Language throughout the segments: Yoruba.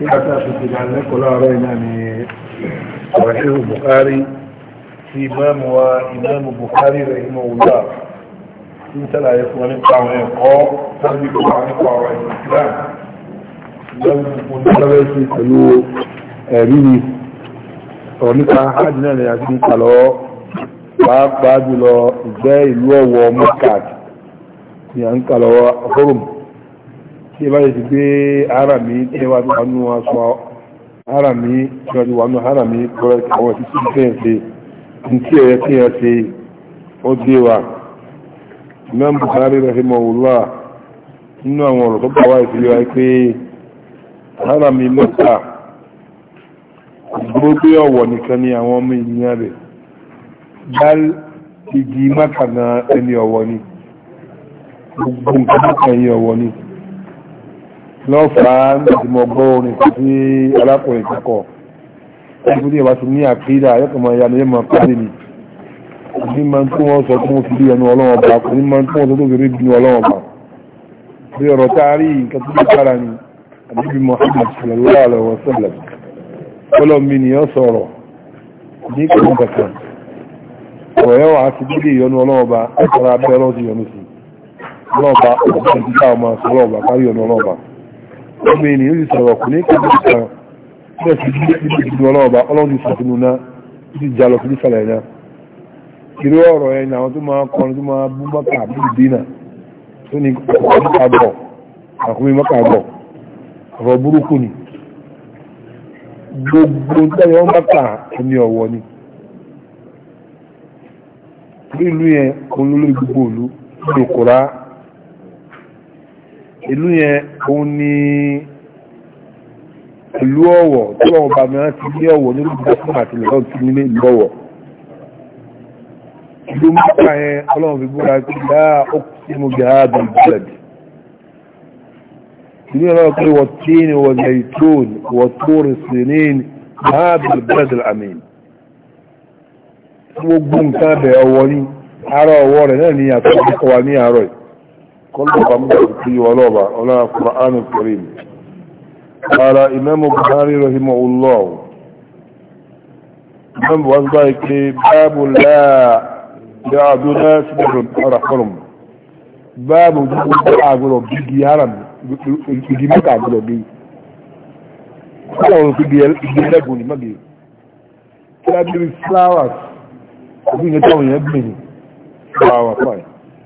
nígbà tá a fi ti máa lẹ́kọ̀ọ́ láàárọ̀ iná ni rahimu Bukhari ti ìmáàmù wa ìmáàmù Bukhari rahimu wùdà ń sàlàyé fún wa nípa àwọn ẹ̀kọ́ sábì fún wa nípa ọ̀rọ̀ Islam lọ́wọ́ gbogbo ní ọlọ́wẹ́ sí pẹ̀lú ẹ̀rí ni ọ̀rọ̀ nípa hajj náà ni a ti ń kà lọ pàápàá jùlọ ìgbẹ́ ìlú Ọ̀wọ̀ tí ẹ bá yẹ ti gbé ara mi tí ẹ wá ti wánú aṣọ ara mi tí ara mi kọ́ra àwọn títí ṣe ntí tí ẹ ṣe ó dé wa imam mọ̀ rahimahullah nínú àwọn ọ̀rọ̀ tó bá wá wa pé ara mi mẹ́ta ọ̀wọ̀ nìkan ni àwọn ọmọ rẹ̀ igi mákànnà ẹni ọ̀wọ̀ ni gbogbo nǹkan ẹni ọ̀wọ̀ lọ́fà ìdìmọ̀gbọ́ orin kàtí alákùnrin kọ́kọ́ ẹgbẹ́ tí ìwà ti ní àkídà ayọ́kọ̀mọ̀ ìyanu yẹ́ mọ̀ káàdì ni ní ma tí wọ́n sọ tí wọ́n fi rí ẹnu ọlọ́wọ́n bá kò ní ma tí wọ́n sọ tó fi rí ẹnu ọlọ́wọ́n bá bí ọ̀rọ̀ tá a rí nǹkan tó dára ni àbíbi Muhammad sallallahu alaihi wasallam kọ́lọ̀ mi ni yọ́n sọ̀rọ̀ ní kọ̀ọ̀kan ọ̀rọ̀ yẹn wà á ti dídé ìyọnu ọlọ́wọ́n bá ẹ̀kọ́ra abẹ́rọ́ ti yọnu sí ọlọ́wọ́n bá ọ̀rọ̀ tó ti dá ọmọ sọ̀rọ̀ ọ̀bà kárí ọ̀nà ọlọ́wọ́n bá ọmọ ènìyàn yóò sọ̀rọ̀ kò ní kàbí ọ̀rọ̀ burúkú ni gbogbo tẹ́lẹ̀ wọ́n ẹni ọ̀wọ́ ni ìlú yẹn olólórí ìlú yẹn òun ni ìlú ọ̀wọ̀ tí wọ́n bá mìíràn ti ní ọ̀wọ̀ ní olùdíjá fún àti lọ́wọ́ tí nílé ìlú ọ̀wọ̀ ìlú mọ́ta yẹn ọlọ́run fi búra pé dá òkú sí mo gbà á dùn bẹ́ẹ̀dì ìlú كل قلبا في ولوبا ولا القرآن الكريم قال إمام البخاري رحمه الله من وضعك باب لا يعدنا سبر أرحرم باب جمع عبر بيجي هرم بيجي Ọlọ́run fi di ẹlẹ́gùn ní mọ́gẹ̀. Kí á bí flowers, àbí ìyẹn táwọn èèyàn gbìn ní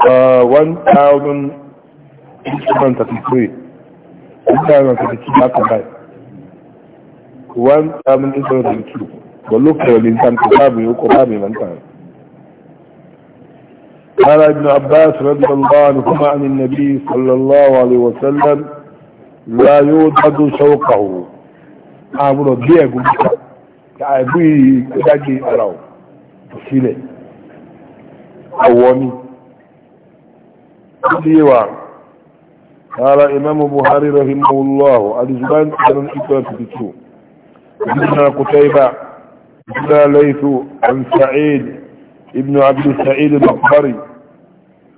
1,833 1,832 wọ́lọ́ kẹrẹ̀ lè ta nǹkan báàbì ó kọ báàbì lọ́nkà rẹ̀ قال ابن عباس رضي الله عنهما عن النبي صلى الله عليه وسلم لا يوجد شوقه أقول بيه قلت كأبوي كداجي أراو تسيلي أوامي قال إمام بخاري رحمه الله الزبان كان إكرام تتو ابن قتيبة ابن ليث عن سعيد ابن عبد السعيد المقبري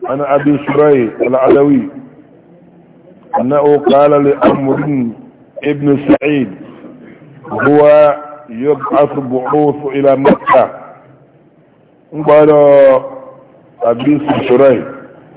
عن أبي سري العلوي أنه قال لأمر ابن سعيد هو يبعث بعوث إلى مكة قال أبي سري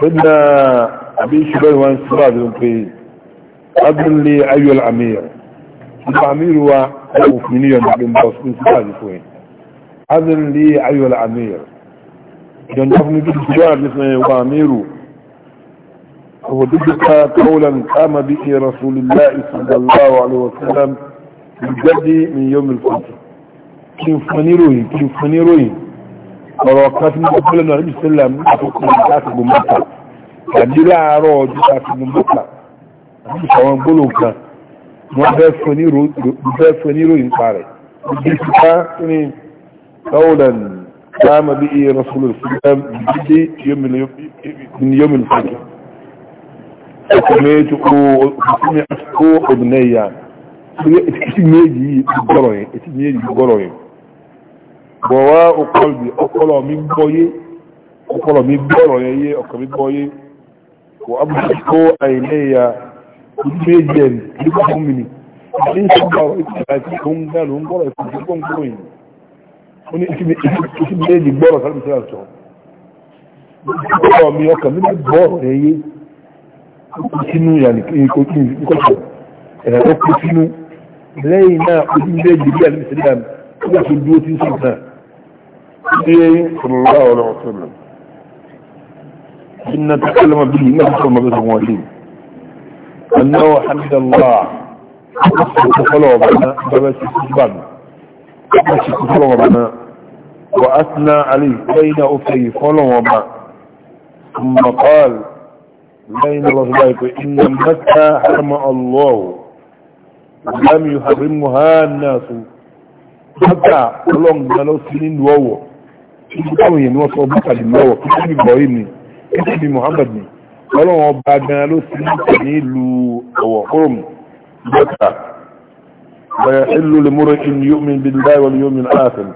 سيدنا أبي شبير وان سراد في أذن لي أيها العمير العمير هو مؤمنية من بصبين سراج فوين أذن لي أيها الأمير ينجفني بالسجار مثل هو أميره قولا قام به رسول الله صلى الله عليه وسلم من من يوم الفجر كيف منيروين كيف منيروين ọ̀rọ̀ kan tí mo gbọ́lẹ̀ náà níbi sílẹ̀ àtúkù láti gbò mọ́ta tàbí láàárọ̀ ọjọ́ láti gbò mọ́ta àti ìṣàwọn gbólò kan wọ́n fẹ́ fún ní ròyìn pa rẹ̀ ibi tí ká ní tọ́wọ́lẹ̀n dáàmà bí iye rasulu sílẹ̀ dídé yomin fàkì ọkùnrin tó kó òfin àti kó òdùnẹ́yà ìtìsí méjì gbọ́rọ̀ yẹn bọ̀wá ọkọlùmí ọpọlọ mi gbọ́yé ọpọlọ mi gbọ́rọ̀ yẹn yé ọkọ̀ mi gbọ́yé kò abúkó àìlẹ́yà ojú méjì ẹ̀ nípa fún mi ni ní ìṣọ́gbà ìpínlẹ̀ àti ìṣọ́gbà ló ń gbọ́rọ̀ ìpínlẹ̀ tó ń gbọ́rọ̀ yìí ó ní ìṣí méjì gbọ́rọ̀ sáré sílẹ̀ sọ ọpọlọ mi ọkọ̀ mi gbọ́rọ̀ yẹn yé ó kú sínú yàní kó kí n kó sọ ẹ̀rọ tó kú sínú lẹ́yìn náà ojú méjì bí àlùmísílẹ̀ àti ìṣọ́gbà tó dúró tí ń sọ̀rọ̀ náà النبي صلى الله عليه وسلم إن تكلم به صلى الله عليه وسلم أنه حمد الله وصلوا بنا بمشي كتبان بمشي كتبان بنا وأثنى عليه بين أفري فلو ما ثم قال بين الله سبحانه إن مكة حرم الله لم يحرمها الناس حتى قلون قالوا سنين ووو ìgbàwò yẹn ni wọ́n sọ bùkàdì lọ́wọ́ kí ní Ibrahim ni kí ní Muhammad ni ọlọ́wọ́n ọba gan ló ti ní ní ìlú ọ̀wọ̀ Rome bẹ́ta bẹ̀rẹ̀ ìlú lemúrò in yomi bíndá wọn yomi ààfin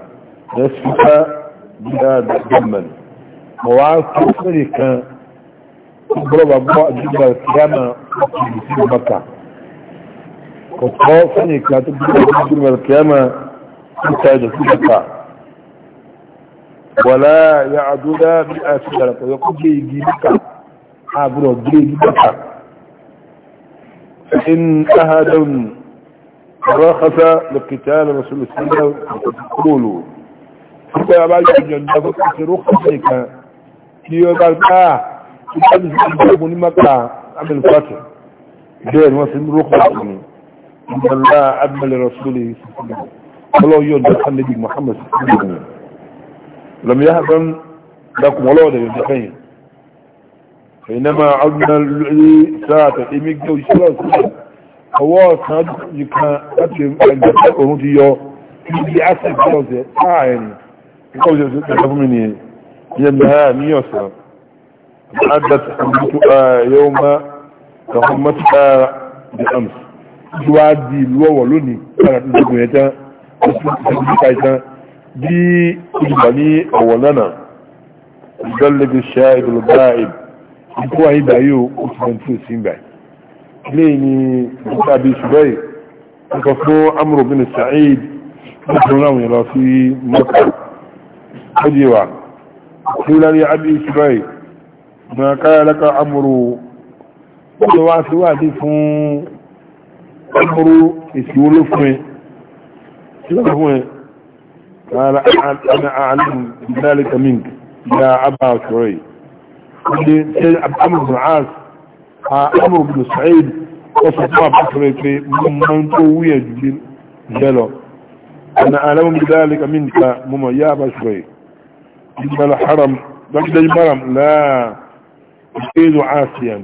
yẹn sì ká bíndá dọ́mẹ̀n wá fún fẹ́rì kan gbọ́dọ̀ gbọ́ àdúgbò kíámà ìlú sí Mẹ́kà kò tọ́ fẹ́rì kan tó gbọ́dọ̀ gbọ́dọ̀ kíámà ìta ìdọ̀tí Mẹ́kà ولا يعدد بأسفل ويقول جيجي بك عبر جيجي بك فإن أهدا رخص لقتال رسول الله قولوا فإن أبعد جنجا رخصك كي يقول آه كتاب الزباب لمكة عبد الفتح بين وسن رخصني إن الله أبمل رسوله صلى الله عليه وسلم الله يرضى محمد صلى الله عليه وسلم لم يهدم لكم ولا ولا يدخين فإنما عدنا لساعة إميك جو سلاس هو سعد يكا أتلم أن تتأهون تيو في أسف جوزة آعين جوزة تتأهون مني ينها ميوسا عدت حمدتها يوم تهمتها بأمس جوادي الوو لوني كانت نتبه يتا أسفل تتبه دي إجبالي أولنا يقلب الشاهد الغائب يقوى هيدا يو أتبن فلسين باي ليني أبي شبي يقفو عمرو بن سعيد يقفو يرى في مكة حجيوا قيل لي أبي شبي ما قال لك عمرو قلوا سوادي فون عمرو يسيولو فمي يسيولو فمي قال أنا أعلم بذلك منك يا أبا شعيب أمر بن عاص أمر بن سعيد وصفاء بكري من قوية جدا جلو أنا أعلم بذلك منك مما يا أبا شعيب جبل حرم لقد المرم لا عاصيا عاسيا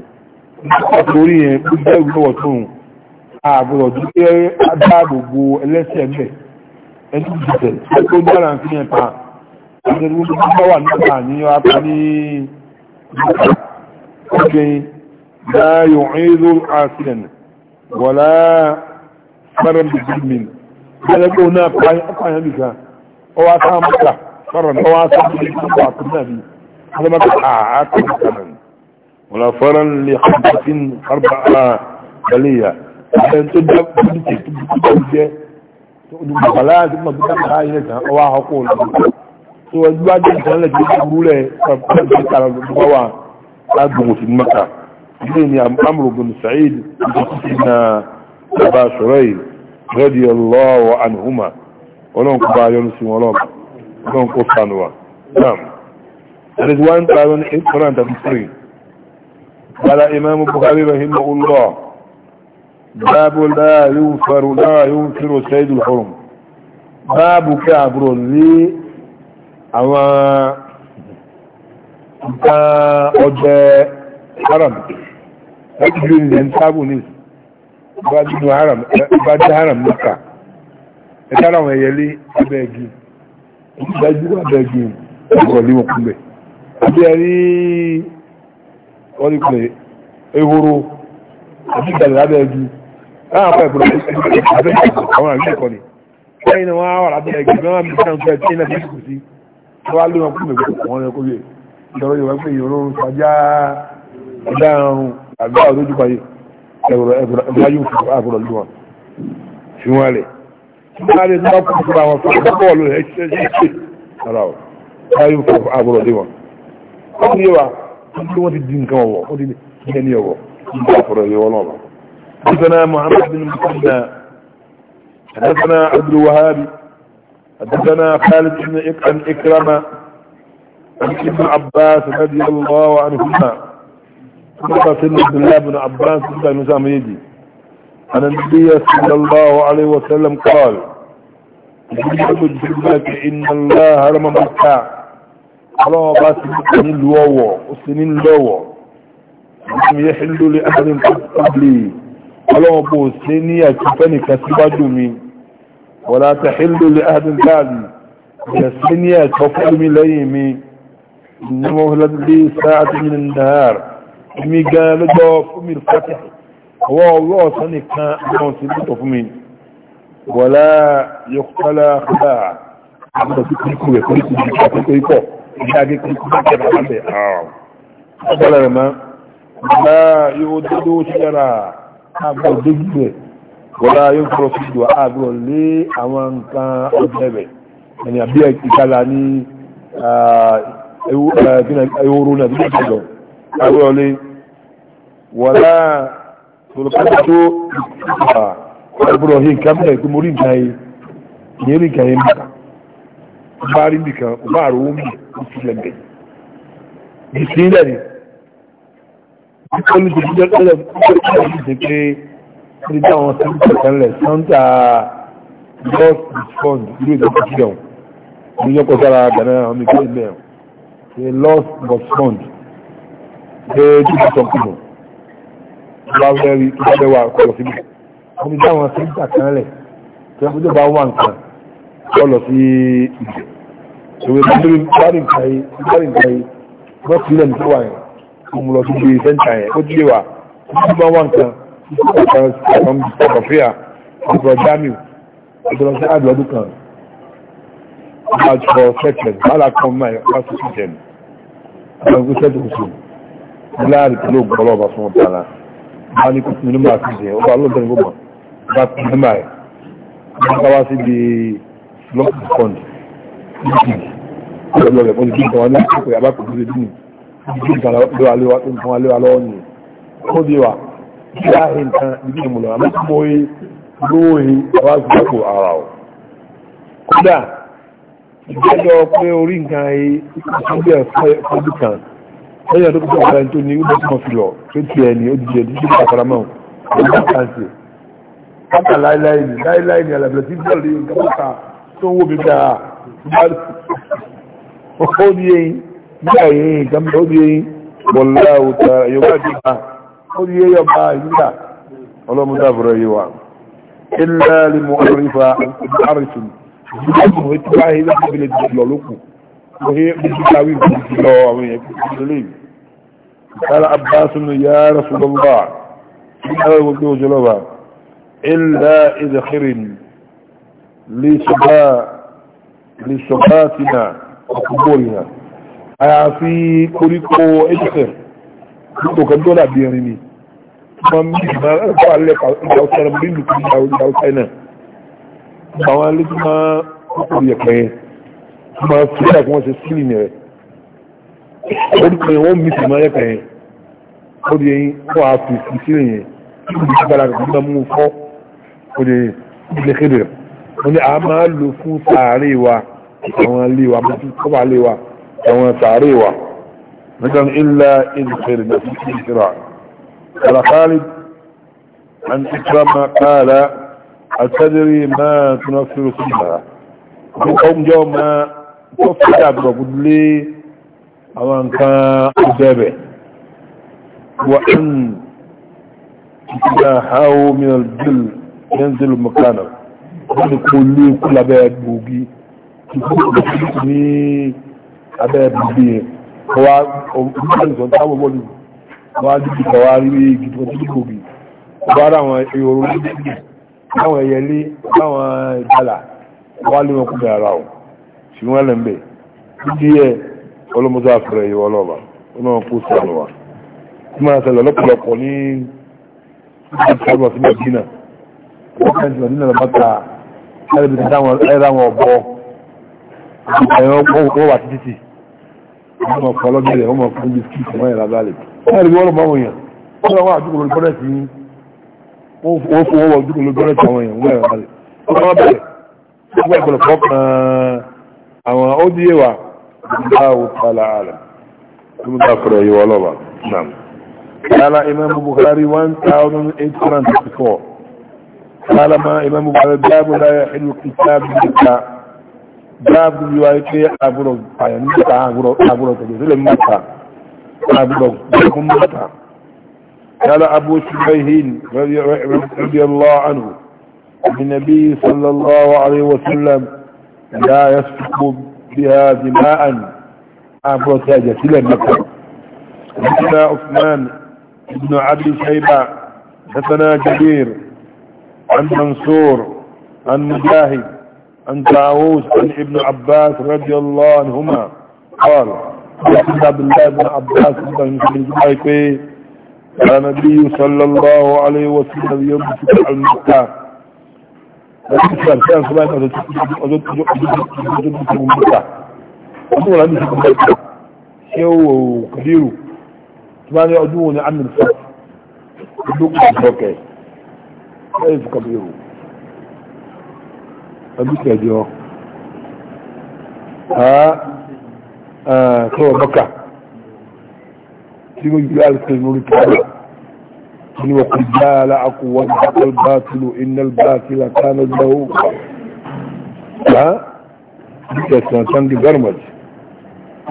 أقولي بدأ قوة أعبد أدابه ليس به ẹ̀dùn jìtẹ̀ tó gbára ń fi yẹn ta ẹgbẹ̀rún tó bá wà nípa ní apá ní ọjọ́ láyò ẹ̀rọ àṣìlẹ̀n wọ́lá fẹ́rẹ̀ bìbìmìn gẹ́gẹ́gbẹ́ náà pààyàn nìka ọ wá sáà mọ́ta fẹ́rẹ̀ ọ wá sáà mọ́ta àtúnà bí alamata àátọ́ kanan wọ́lá fẹ́rẹ̀ lè hàbàtín harba tó dá olùgbàgbàlá àti mọ̀tòkàtà ayẹyẹ kan ọwọ́ àkọ́kọ́ olùgbàgbà tó ẹgbẹ́ wájú ìtàn lẹ̀ tó burú lẹ̀ pàpàpàpàpàpàpàpà lágbòmò sí mọ́ta ilé ni amúrògùn sa'id ìdíkìtì na bàbá sọ̀rọ̀ yìí rẹ́dí ọlọ́wọ́ ànìhùmà ọlọ́nkú bá yọnu sí wọn lọ́m ọlọ́nkú sanuwa sam that باب لا ينفر لا ينفر سيد الحرم باب كابر لي او ọjẹ́ haram láti ní ní àwọn ẹ̀yẹ lé abẹ́ ẹ̀gì ìdájú abẹ́ ẹ̀gì ọ̀gọ̀ níwọ̀n kúnbẹ̀ àbí ẹ̀rí láàpọ̀ ìgbòrò àwọn àgbẹ̀ ẹ̀kọ́ ni lẹ́yìn ni wọ́n á wà lábẹ́ ẹgbẹ́ wọn bí sáà ń fẹ́ tí náà fi kù sí tó wá lé wọn kú mẹ́gbẹ́ àwọn ẹ̀kọ́ yẹ ìjọba yorùbá pé ìyọ̀rọ̀ ń sàjá ọ̀dá àrùn àgbà òdójú payé ẹ̀rọ ẹ̀bùráyù àbúrò lù wọn fi wọn lẹ̀ láàrin tó bá kú fún àwọn fún bọ́ọ̀lù rẹ̀ ṣe ṣe ṣe ara ọ̀ báyìí fún àbúrò lé wọn. wọ́n ti yé wa wọ́n ti di حدثنا محمد بن مسلم حدثنا عبد الوهاب حدثنا خالد بن اكرم عن ابن عباس رضي الله عنهما حدثنا سيدنا عبد الله بن عباس بن نسام يدي عن النبي صلى الله عليه وسلم قال إن الله هرم مكة الله باس سنين لوو وسنين لوو لم يحل لأحد قبلي ọlọ́wọ́ bó ṣe ní àtúfẹ́ nìkan síwájú mi wọ́n láti hìlú lè adùn káàdì ìyẹ̀ sí ní ẹ̀tọ́ fún mi lẹ́yìn mi ìnáwó lọ́dí sáàtì mi nàár mi gan lọ́jọ́ fún mi fàtẹ̀ ọwọ́ ọwọ́ ọ̀sán nìkan náà sí lọ́tọ̀ fún mi wọ́n lá yọkọ́lá kọ́lá àbúrò sí kíkú rẹ̀ kó sì jù àkókò ikọ̀ ìdí agé kíkú bá jẹ́ bàbá bẹ̀ ọ̀gbọ́n rẹ̀ mọ́ lá yóò dúdú sí yàrá àgbà òdójúbẹ̀ wọ́lá yóò kọ́ fi dùn àgbà lé àwọn nǹkan ọjọ́ rẹ̀ ẹni àbí ìkàlà ní ewúro náà tó jọ àgbà lé wọ́lá tòlùkọ́tà tó àgbà ọ̀hìn kábílẹ̀ tó mórí nǹkan yìí ní rí nǹkan yìí mọ́ta bá rí nìkan bá àrùn omi ó ti lẹ́gbẹ̀ẹ́ ìsìn lẹ́yìn nítorí jẹ́jọ́ tẹ́lẹ̀ púpọ̀ ìdí pé ní dáwọn sẹ́ńtà tẹ́lẹ̀ sẹ́ńtà lord fund ìlú ìjọba sílẹ̀ wọn ní yọkọ̀ sára gànà àwọn ọmọ ìpínlẹ̀ mẹ́rin ṣe lost but fund ṣe tí wọ́n ní lẹ́nu tó wà yẹn fún lọ sí ibi sẹ́ńtà yẹn ó dílé wa tí wọ́n wá nǹkan ìṣòro àwọn ìṣòkòfíà ọ̀dọ̀ jamiu ọ̀dọ̀ sí àdúrà kan àjọ fẹ́kẹ̀ẹ́ bàálà kan máa wá sí ìjẹun àwọn ìgbésẹ̀ sẹ́ńtà ọba fún ọba náà bá ní kùtù nínú máa ọba lóògbé gbogbo bá ní máa sí ibi lọ́kùnkọ́ndì ìdí ìgbà nǹkan aléwa lọ́wọ́ ni ó bí wa kí á hì nǹkan ìdí ìmùlọ̀ àmọ́ tí mo rí lówó rí àwọn àgbàpò ara ọ̀ kódà ìgbẹ́jọ́ pé orí nǹkan ayé ìṣẹ́gbẹ́ fọ́dún kan lẹ́yìn ọdún tó kọjá tó ní ọdún tó fi lọ tó ti ẹni ó dìde ní ṣíkà faramọ́ ọdún kàǹtì kátà láíláí ni láíláí ni tí bọ́ọ̀lù báyìí nǹkan bí ó di bọ̀lá òtà yorùbá ti bá ó di yẹ́yọ̀ bá ìgbà ọlọ́mọdé àbúrò yìí wà ilẹ̀ alimu àrífà àrífìn ìdíjọ́mù ètò báyìí láti fi lè dìlọ lókù ó yẹ bí ti káwí dìlọ àwọn èèyàn kí ó lè قال عباس يا رسول الله إلا إذخر لصباتنا وقبورنا àyàfi koríko hsf nígbò kan dọ́là bí ẹrin ni wọ́n mú ìgbà ẹ̀kọ́ alẹ́ ìgbà ọ̀sán ọmọdé ìlú kan ìgbà ọ̀sán ọ̀sán náà àwọn alẹ́ tí máa kókò yẹ̀pẹ̀ yẹn tí máa fi ṣe àkọ́wọ́n ṣe sílì rẹ̀ orúkọ yẹn wọ́n mú ìsìnmọ́ yẹ̀pẹ̀ yẹn ó di ẹyin wọ́n á fi sí sílì yẹn níbi ìgbàlá kan nígbà mú fọ́ ó di ilé kéde rẹ̀ wọ́n a máa lò fún sàárè wa àwọn alẹ́ wa mọ́tò kọ́ او تعريوة مثلا الا إن خير نفسك انخراع قال خالد عن ما قال اتدري ما تنصر في وقوم جاو ما تفتع بقول لي او انت اجابة وان تتباهاو من الجل ينزل مكانه يقول لي كل باب بوبي تقول لي abẹ́ bíbí ẹ̀ wá olùsọ̀ táwọn bọ́ọ̀lù wá dìbì kan wá rí gidi kan tí kò bì wá ráwọn ehoro lẹ́gbẹ̀ẹ́ láwọn ẹyẹlé láwọn ìdálà wá lé wọn kúrò ara ọ̀ sí wọn lẹ́m̀bẹ̀ títí ẹ ọlọ́mọdé àfẹ́rẹ́ ìwọ ọlọ́ba ọlọ́run kó sí àlọ́wà tí máa ṣẹlẹ̀ lọ́pọ̀lọpọ̀ ní ìgbàlùwà sí Nàìjíríà wọ́n kàn sí ẹ̀rẹ́bìtì táwọn ẹ̀rọ àwọn ọ̀bọ ìgbà títí ọmọ ọ̀pọ̀lọ́gbẹ̀rẹ̀ ọmọ ọ̀pọ̀lọ́gbẹ̀rẹ̀ kí ìfọ̀mọ́ ìlà balẹ̀ ẹ̀rí wọ́n mọ́ wọ̀nyàn wọ́n wá àdúgbò lórí bọ́rẹ̀tì yìí wọ́n fún ọwọ́ àdúgbò lórí bọ́rẹ̀tì àwọn èèyàn wọ́n ìlà balẹ̀ wọ́n wá bẹ̀rẹ̀ wọ́n ìgbọ̀lọ̀ fọ́ kan àwọn ó di yé wa bá wò tala àlà tó ń bá fọ̀rọ̀ yìí wọ́n lọ́wọ́ nam kala imam bukhari one thousand eight hundred and four kala imam bukhari báyìí mo dáyà ìlú kìtàbí wáyé pé nígbà tẹ̀lé mọ́ta gbogbo mọ́ta قال أبو شبيهين رضي الله عنه النبي صلى الله عليه وسلم لا يسفك بها دماء أبو تاجة إلى مكة حدثنا عثمان بن عبد شيبة حدثنا جبير عن منصور عن مجاهد عن داوود عن ابن عباس رضي الله عنهما قال قال عبد الله بن عباس بن جبير قال النبي صلى الله عليه وسلم يمسك على المكة ويسأل كان سبعين أزد المكة أدوه لم يسك المكة كبير ثمانية أدوه عن الفتح أدوه كبير كيف كبيره ọdún kẹjọ sọ̀rọ̀ bọ́kà tí ó yí alìsẹ̀ lórí kẹjọ ni wọ́n kò já aláàkùwọ́n ìgbàkọ̀lbátìlù inalbátìlù àtànàgbàwó duka sanatan di garmat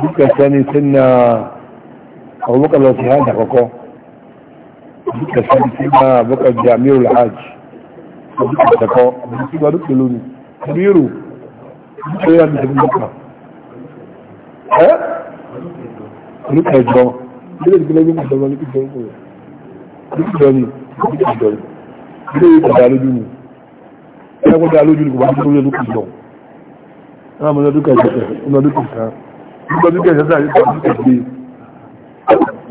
duka sani suna abubakar wasu ya da kwakwa duka sani suna abubakar jami'ar hajji duka sako duka duk da lori kabiru ṣe yá bìtẹ̀ bìtẹ̀ ẹ́ olùkọ́ ẹ̀jọ́ ilé ìgbìlẹ̀ yóò gbọ́dọ̀ ní kíkọ́ ọkọ̀ olùkọ́ ní olùkọ́ ìjọ ilé ìgbàdà lójú ni ẹgbẹ́gbẹ́dà lójú ni kò bá ń tó lójú kìjọ náà mọ́ lọ́dún kẹsẹ̀ lọ́dún kẹsẹ̀ lọ́dún kẹsẹ̀ sáà yóò gbọ́dọ̀ kẹsẹ̀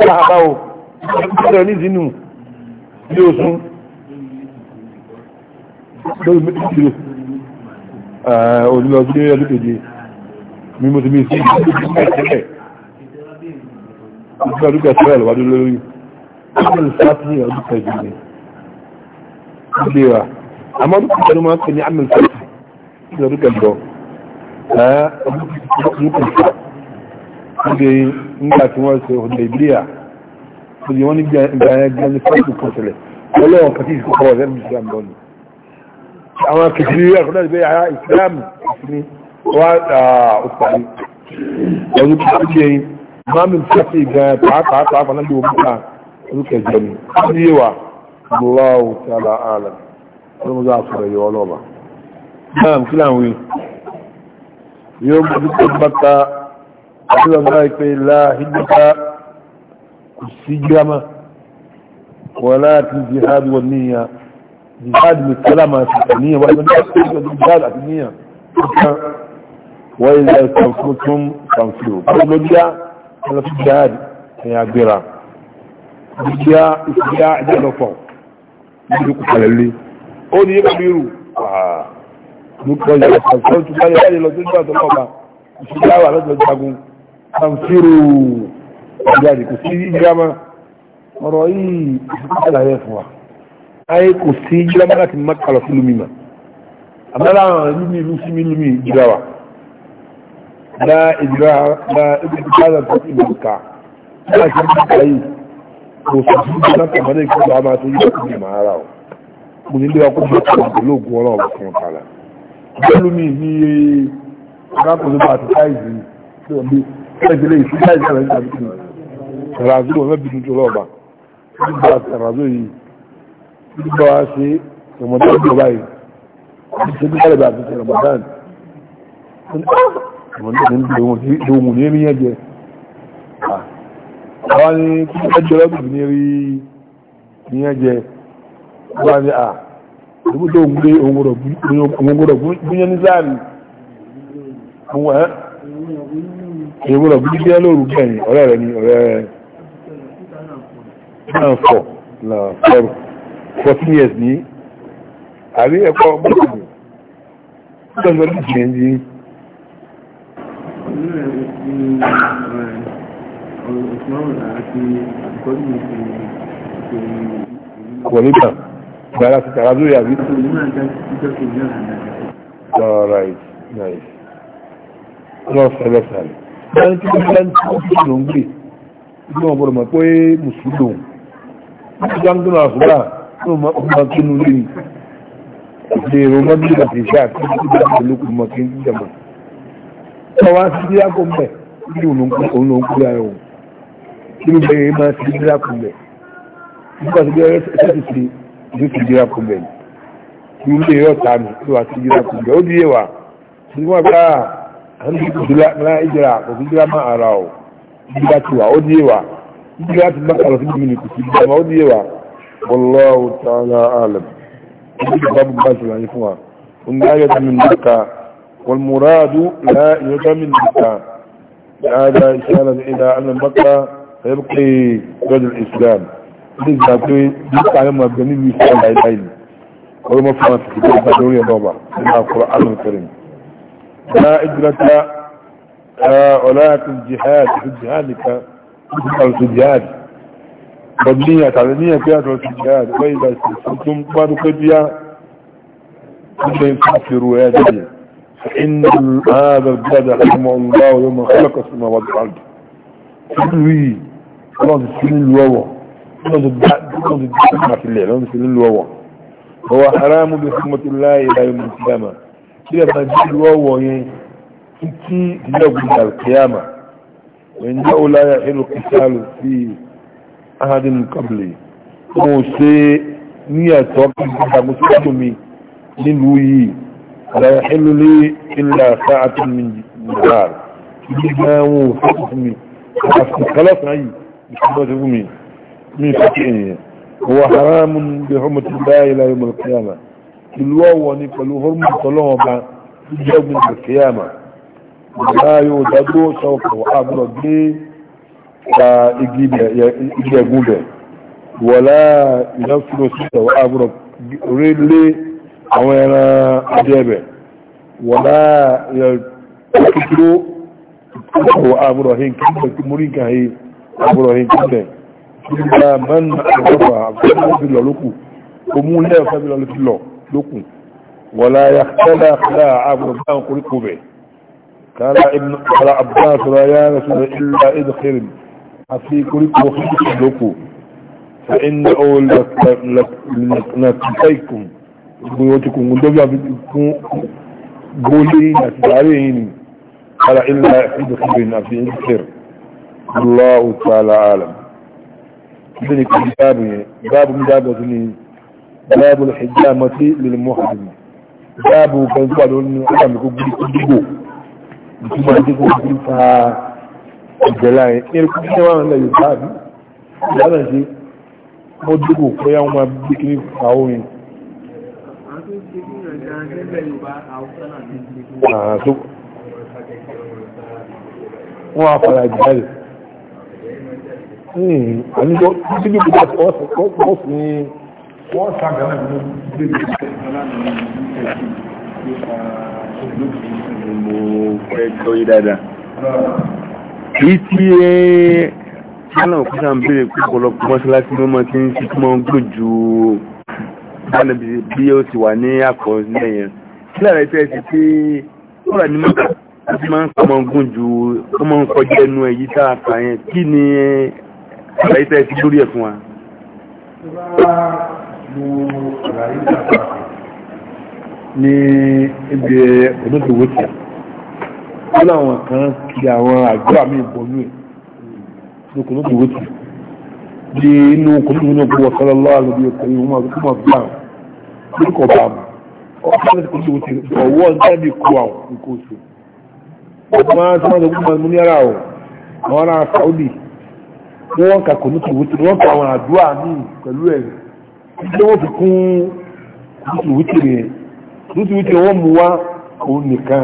láàbáwò ìgbàdà ní ìdínú ilé òsún lórí méjì Eh, olùlọ́gbé ọdún kejì mímú ti bí sí ìpínlẹ̀ ọdún kẹsẹ̀rẹ̀ lọ́wọ́dún lórí ọdún sátí ọdún kẹjì ní ilé wa àmọ́ ọdún kẹjì ló máa ń pè ní àmì sátí ní ọdún kẹjọ eh, ọdún kẹjọ níbi nígbà tí wọ́n ṣe ọdún ìbílẹ̀ ọdún wọn ní gbẹ̀yẹn gbẹ̀yẹn sátí kọsẹ̀lẹ̀ ọlọ́wọ́n kàtí ìkọkọ̀ rẹ̀ àwọn kìtìrí ẹ̀kọ́dá ìgbé ara islam ní wà ọ̀pàdé ọdún kìtìrí ṣe mami kẹfì gan pàápàá pàápàá náà bí wọ́n bá ọdún kẹjọ ni wọ́n yé wa lọ́wọ́ tí a la ààlà ló mú sáà sọ̀rọ̀ yọ yóò mú ọdún bàtà àti lọ́wọ́ náà pé kò sí gírámà wọ́n láti jihad wọ́n níyà jihad mai kalama sani wani wani asirin da jihad a duniya kusan wani da samfutun samfuru kolobiya talafi jihad ya gira dukiya isiya ina da kwan duk kalalle o ni yaba miru a dukkan ya samfuru tuka ya yi lọ sójú àtọkọ ba ìṣúgbà wà lọ́sọ̀ jagun samfuru jihad kò sí ìjàmà ọ̀rọ̀ yìí ìṣúgbà àlàyé fún wa ayé kò sí jílámà láti má kalọ̀ sí lumi mà àmàlà àwọn lumi ìlú lumi ìjìlá wa dá ìjìlá dá ìjìlá dá tó ti ká dá ìjìlá tó ká yìí kò sọ fún mi náà kàmá náà ìkọ́sọ̀ àmà tó yíyá tó yẹ̀mà ara o mo ní lé wa kó bá tó ti lóògùn ọlọ́wọ́ fún ọ̀tá la ìjìlá lumi ní arákùnrin bá ti sáìzì tí wọ́n bí sáìzì lè sí sáìzì àlẹ́ ìjìlá tó ti rà gbígbọ́ wá sí ìmọ̀tọ́ ìjọba yìí ṣe bí kálẹ̀ bá fi ṣe ramadan ìmọ̀tọ́ ní ìdòwò ní rí ẹ̀jẹ̀ àwọn ni kí wọ́n jẹ́ lọ́dún ní rí ní ẹ̀jẹ̀ wọ́n ni à ìbúdó òun gbé òun gbọ́dọ̀ gúnyẹ́ ní láàrin àwọn ẹ̀ èyí wọ́n bí jẹ́ lóòrù gbẹ̀yìn ọ̀rẹ́ rẹ̀ ni ọ̀rẹ́ rẹ̀ náà fọ̀ náà fẹ́rù fourteen years ni, àrí ẹ̀kọ́ bọ́ọ̀lù lọ́dọ̀ ní ìgbìyànjú Kọ̀lítà, gbára ti tàrà lórí àbí? Alright, nice. Lọ́sẹ̀ lọ́sàlẹ̀. Báyí tí ó bá ń tí ó fi ṣe lòún gbé, ìgbìmọ̀ bọ̀rọ̀ pé Mùsùlùm. Ó ti já ń gbọ́nà àfúgbà tó ma ọmọ kínú lẹ́yìn ìpínlẹ̀ èrò mọ́bí àti ìṣẹ́ àti ìṣẹ́ pẹ̀lú ọmọ kínú jẹmọ́ ọwá sí bí ákó mẹ́ ní òun ló ń kú ara òun kí ló bẹ̀rẹ̀ máa sí bí ákó mẹ́ nígbà tó bẹ̀rẹ̀ sẹ́sì sí ìlú sí bí ákó mẹ́ ní ilé ẹ̀rọ ta mi tó wà sí bí ákó mẹ́ ó di ẹwà tí wọ́n bá àwọn ìjọba náà ìjọba kò sí jọba máa ara ò ìjọba والله تعالى أعلم باب باسل عن يعني إخوان يد من مكة والمراد لا يد من مكة هذا إشارة إلى أن مكة يبقي رجل الإسلام لذا في مكة يوم أبداني بإسلام العيدين ما فهمت في كتاب بدوني بابا من القرآن الكريم لا إجرة آه، ولا في الجهاد في الجهاد لك في الجهاد mọ̀dúnlẹ́yìn àtàrí ní ẹ̀fẹ́ àjọ ti jẹ́ àdúgbò ìgbà ìsìnkú tó ń gbádùn pé bíyà gbogbo nǹkan fi ru ẹ̀ jáde inú ààbẹ̀ gbádà ọmọ ọ̀gbá ọ̀yọ́ mọ̀ ọlọ́kọ̀ sí máa wájú àlù nínú yìí ọlọ́run ti sí nílùú ọ̀wọ̀ ọlọ́run ti gbá àtìlẹ̀ ọlọ́run ti nílùú ọ̀wọ̀ ọwọ́ haramu bí fún mọ́tò láì láì mú ti dáma kí ẹ bá jí ìlú ọ̀wọ̀ yẹn títí ìdílé ògùn ìdàlùkìyàmà ẹ̀yìn jẹ́ ó láyà ìlú kìsàlù sí i أحد قبلي موسى نية توقف وقفها مسلمي للوي لا يحل لي إلا ساعة من نهار جناه فتحمي خلاص أي بحبات أمي من فتحيني هو حرام بحرمة الله إلى يوم القيامة الواو ونقلوا هرم الله بعد يوم القيامة لا يوجد سوف وعبر الدين da igi ẹ̀gún bẹ̀ wọ̀lá ìlọ́fúnlọ síta wà ábúrọ̀ rílé àwọn ẹran adẹ́bẹ̀ wọ̀lá ìlọ́fúnlọ wà ábúrọ̀ hìn kíkẹ́ múrí nǹkan hìn ábúrọ̀ hìn kíkẹ́ nígbà mẹ́rin àgbàfà àfẹ́bílọ̀ lókù omú lẹ́ẹ̀fẹ́bílọ̀ lókù wọ̀lá yàtọ́lá àbúrọ̀ bá ń koríko bẹ̀ قال ابن قال عباس لا يا رسول الله àti koríko fífi lóko fa iná ó lọ́kùnlọ́kùnlọ́kùnlọ́kùn gbogbo ti kùn gún dọ́bí àfikún gbólé àti sàárè yìí ni ara ilá ìdọ̀kùnrin àti ìdíkẹ̀rẹ̀ Allahu ta'ala alam ṣe ni kìí báàbù yẹn báàbù ń dábọ̀ sí ni báàbù al-hijamati lil-muhrim báàbù kan zuwa lórí ni ó dàmì ìjẹ̀lá ẹ̀ ẹ̀rùkú tí wọ́n lẹ̀ yóò tàbí ìyára sí mọ́ dúgbò pé àwọn ọmọ bí kí ní àwọn orin wọ́n afẹ́ra ìjẹ̀lẹ̀ àníjọ́ tí kí kí wọ́n sí ní wọ́n sàgbẹ̀rẹ̀ Mo fẹ́ tó yí dáadáa èyí tí ẹ eh, ṣánà òkúta ń bèèrè púpọ̀lọpọ̀ mọ́ṣáláṣí ló mọ́ tí ń ṣe túnmọ́ gbò ju báyìí bí ó ti wà ní àpọ̀ lẹ́yìn kí lára ẹ̀fẹ́ ti pé ó rà ní mọ́tà láti máa ń pọmọ gùn ju ọmọ ń kọjá ẹnu èyí tá a kà yẹn kí ni eh, àlàyé tẹ́ ti lórí ẹ̀ fún wa. ní ibi ọdún wọ́n ti ó láwọn kan kí àwọn àjọ àmì ìbọnú ẹ̀ ní kò lókè wọ́tì bí inú kò lókè wọ́n gbọ́ sọ́lọ́ lọ́wọ́ bí ọkọ̀ yìí wọ́n kò mọ̀ bí àwọn lókè ọba àmì ọkọ̀ lókè wọ́n ti ọwọ́ dábì kó àwọn nǹkan oṣù ọmọ sọ́mọ́dé gbọ́dọ̀ mú ní ara ọ̀ àwọn ará Saudi wọ́n kà kò lókè wọ́tì wọ́n kà àwọn àdúrà míì pẹ̀lú ẹ̀ tí wọ́n fi kún lókè wọ́tì rẹ̀ lókè wọ́tì wọ́n mú wá òun nìkan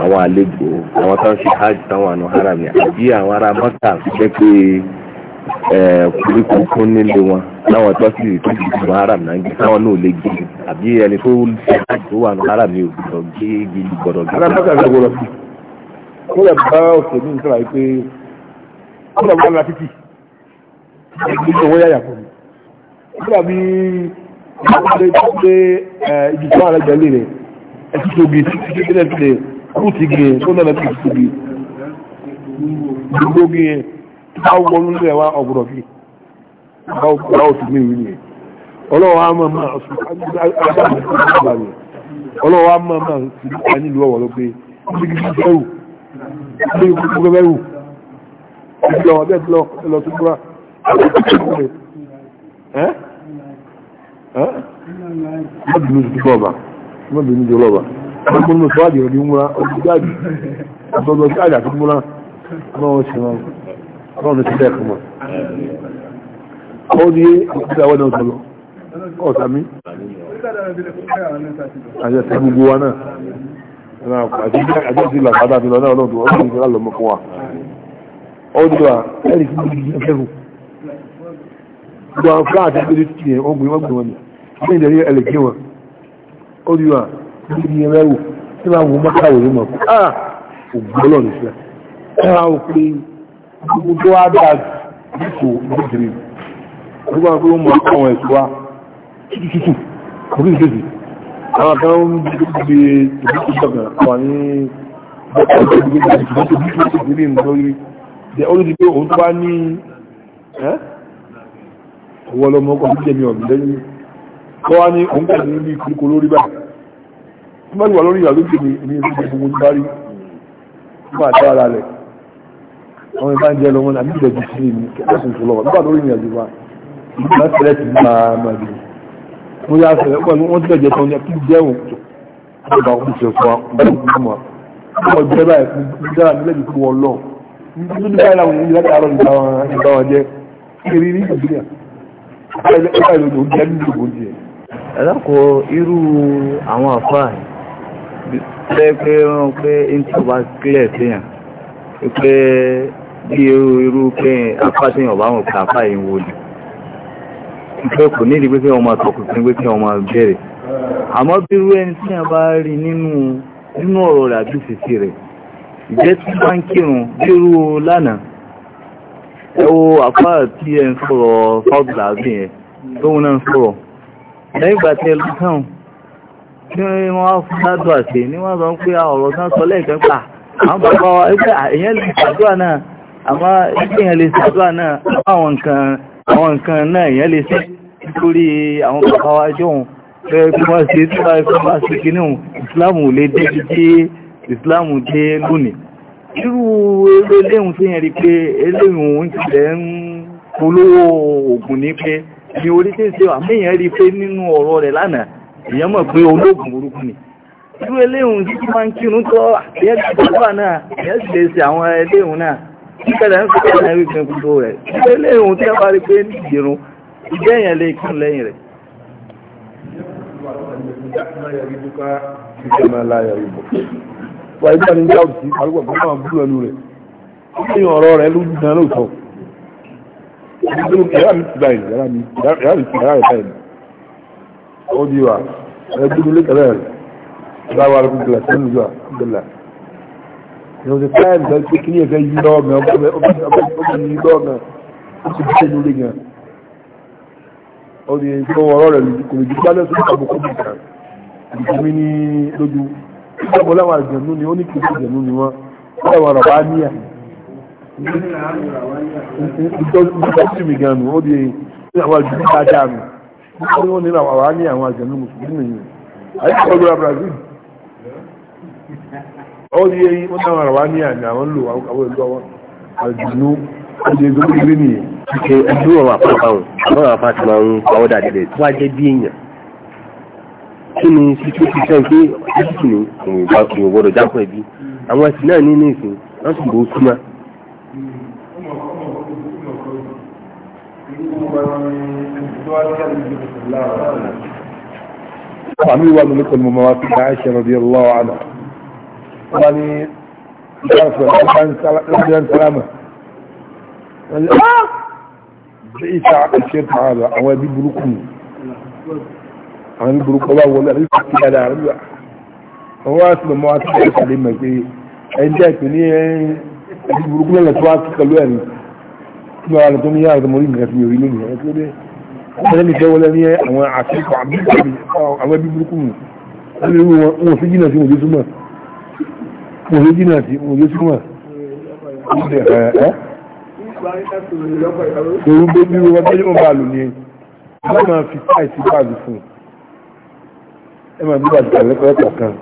àwọn àlejò àwọn tó ń ṣe hajj táwọn àna haram ni àbí àwọn ará mọ́tà jẹ́ pé kúríkù fún nílé wọn láwọn tó sì tó ti di haram náà táwọn náà lè gbé àbí ẹni tó ṣe hajj tó wà ní haram ni ògbọ́dọ̀ gbé gbé gbọ́dọ̀ gbé. ará mọ́tà ló gbọ́dọ̀ sí kó lè bá òkè ní nǹkan àìpé kó lè bá láti tì ní owó yáyà fún mi kó lè bí ìgbàlódé tó gbé ibi tó wà lẹ́gbẹ̀ẹ́ lè rẹ̀ ẹ̀ kú ti gé tó náà lẹ́bí ti gé gbogbo gé bá wọ́n ní ẹ̀wà ọ̀gbọ̀rọ̀ fi bá wọ́n ti mí ìwé ọlọ́wọ́ á máa máa sùn ọlọ́wọ́ á máa máa sùn á nílùú ọ̀wọ̀ ló pé ó ti gé bẹ́rù ó ti gé bẹ́rù ó ti lọ ọdẹ lọ lọ sí búra ẹ́ ẹ́ mọ́bìnrin ti bọ́ ọba mọ́bìnrin ti bọ́ ọba gbogbo ní oṣù àjẹ́ òní múra oṣù jáde àtọ́jọ́ sí àjà tó múra ọlọ́run sí wọn ọlọ́run sí bẹ́ẹ̀ fún wọn. ó ní ìpínlẹ̀ àwọn náà sọ̀rọ̀ ọ̀sàmí àjẹ́ sí gbogbo wa náà àjẹ́ sí làkàdà mi lọ náà ọlọ́run tó wọ́n sì ń sọ́ra lọ́mọ fún wa. ó ní wa ẹ̀rì sí gbogbo ìgbìyànjú ẹ̀fẹ́rù gbogbo àwọn fúláàtì gbé ní tìyẹn níbi ẹrẹ́wò tí máa wọ mọ́kàwé ní mọ̀kú ah ògbọ́lọ̀ nìṣẹ́ ẹ̀rọ àwọn pé gbogbo tó wá dáa jù nítorí nígbà pé ó mọ àwọn ẹ̀sùn wa tútù orí ìdèjì àwọn kan ń gbé tòbítì gbọ̀ngàn wà ní tòbítì lórí ẹ̀ olùdí pé òun tó bá ní ọwọ́ lọ́mọ ọkọ̀ tó jẹ́ mi ọ̀gbìn lẹ́yìn kọ́ wá ní òun kà ní ibi ìkúrúkú lórí báyìí tí wọ́n wà lórí ìyàwó kìíní ní ìlú ìgbìmọ̀ ní bárí nígbà tó ara rẹ̀ àwọn ìbá ń jẹ́ lọ́wọ́ ní àbíjọ jù sí ní kẹ́kọ̀ọ́ tó lọ́wọ́ nígbà lórí ìyàwó wa ìgbà tẹ̀lẹ̀ ti máa máa dì mo yá sẹ̀rẹ̀ pẹ̀lú wọ́n ti lẹ̀jẹ̀ tán ní kí jẹ́wọ̀n tó bá kú ṣe fún wa wọ́n jẹ́ báyìí fún dára nílẹ̀ jù fún wọn lọ nítorí báyìí làwọn ìyá àárọ̀ ìgbà wọn jẹ́ kiri ní ìgbìyà ẹ̀rọ kọ irú àwọn àfáà pé pé wọ́n pé introvert clear séyàn pé bí irú irú pé apá tí ọba wọn pé apá yìí wò ní pé kò ní ìdí pé kí ọmọ àtọkùnrin pé kí ọmọ bẹ̀rẹ̀ àmọ́ bí irú ẹni tí a bá rí nínú nínú ọ̀rọ̀ rẹ̀ àbí ìsìsì rẹ̀ ìjẹ́ tí bá ń kírun bí irú lánàá ẹ wo apá tí ẹ ń sọ̀rọ̀ fọ́ọ̀dù ní wọ́n á fún ládùn àti ní wọ́n sọ pé ọ̀rọ̀ tán sọ lẹ́ẹ̀kan pa àwọn bàbá wa ẹgbẹ́ èèyàn lè ṣàdúrà náà àmọ́ ẹgbẹ́ èèyàn lè ṣàdúrà náà àwọn nǹkan àwọn nǹkan náà èèyàn lè ṣe nítorí àwọn bàbá wa jọ̀hún pé kí wọ́n ṣe tí wọ́n fẹ́ máa ṣe kí níhùn ìsìláàmù ní pé ní orí tí ń ṣe àmì rí pé nínú ọ̀rọ̀ rẹ̀ lánàá èèyàn mọ̀ pé olóògùn burúkú ni irú eléhùn títí máa ń kírun tọ́ àyẹ́ gbàgbà náà èèyàn sì lè ṣe àwọn eléhùn náà kíkẹ́lẹ̀ ń sọ̀rọ̀ náà wípé gbogbo rẹ̀ irú eléhùn tí ni? bá ni pé ní ìgbèrún ìgbẹ́ èèyàn lè kírun lẹ́yìn rẹ̀. wà á ní jáwù sí àrùkọ̀ kan máa bú ẹnu rẹ̀ ó ní ọ̀rọ̀ rẹ̀ lójú gan lóòótọ́ ìyá mi ti báyìí ó di wa ẹgbẹ́ ilé kẹlẹ́ rẹ̀ láwa rẹ̀ gbẹ̀lẹ̀ sẹ́nu gbà gbẹ̀lẹ̀ ìwọ̀n ti táyà nìkan pé kí ní ẹ̀fẹ́ yí lọ́wọ́ mi ọgbẹ́ yí lọ́wọ́ mi ó ti bíṣẹ́ ní orí gan ó di tó ọ̀rọ̀ rẹ̀ kò lè ju gbálẹ̀ sórí àbùkù nìkan ìdìmí ní lójú ìjọba láwọn àjẹ̀nú ni ó ní kí àjẹ̀nú ni wọ́n láwọn ọ̀rọ̀ bá níyà ìjọba sí mi gan nù ó di àwọn àjẹ̀nú dáadáa nù wọ́n wọ́n nílò àwọn ní àwọn àjẹ̀nú mùsùlùmí yìí ayé ọlọ́wà Brazil ó ní eyín wọ́n náà ní àmì àwọn lò àwọn ìlú àwọn àjẹ̀nú ọdún ẹgbẹ́ ìlú nìyẹn. ṣe ẹjú ń tó wá jẹ́ bí èèyàn kí ni ti sẹ́yìn pé jápọ̀ àwọn ẹ̀sìn náà ìsìn wọ́n وعمل وأن لكم مماثل عائشة رضي الله عنها يعني شرف الأحسان سلامة يعني آه! بئس الشيخ هذا أو أبي بلوكم عن يعني الله ولا الفتي على عربي هو أصلا ما أتحدث عليه ما في عندك مني البروكوا لا توافق الوان ما على الدنيا هذا مريم كثير يقولون هذا يعني. ẹni jẹ́ wọlé ní àwọn àṣíkọ̀ àwọn ẹbí burúkú mu lórí wọn sí jìnà sí òjò súnmọ̀ wọn sí jìnà sí òjò súnmọ̀ òun bó bí wọn tẹ́jú wọn bá lò ní ẹ máa fi táìsì báàgì fún ẹ máa bí bàjẹ́ lẹ́kọ̀ọ́ kan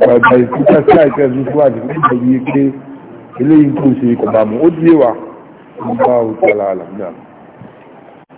gbàgbà ìfúta táìsì ẹ̀sùn fúwàjì fún ìgbà yìí pé eléyìí tó ṣe kọ̀bàmù ó díẹ̀ wà nígbà òtẹ́lá àlàmì náà